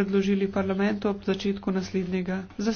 predložili parlamentu ob začetku naslednjega zasedanja.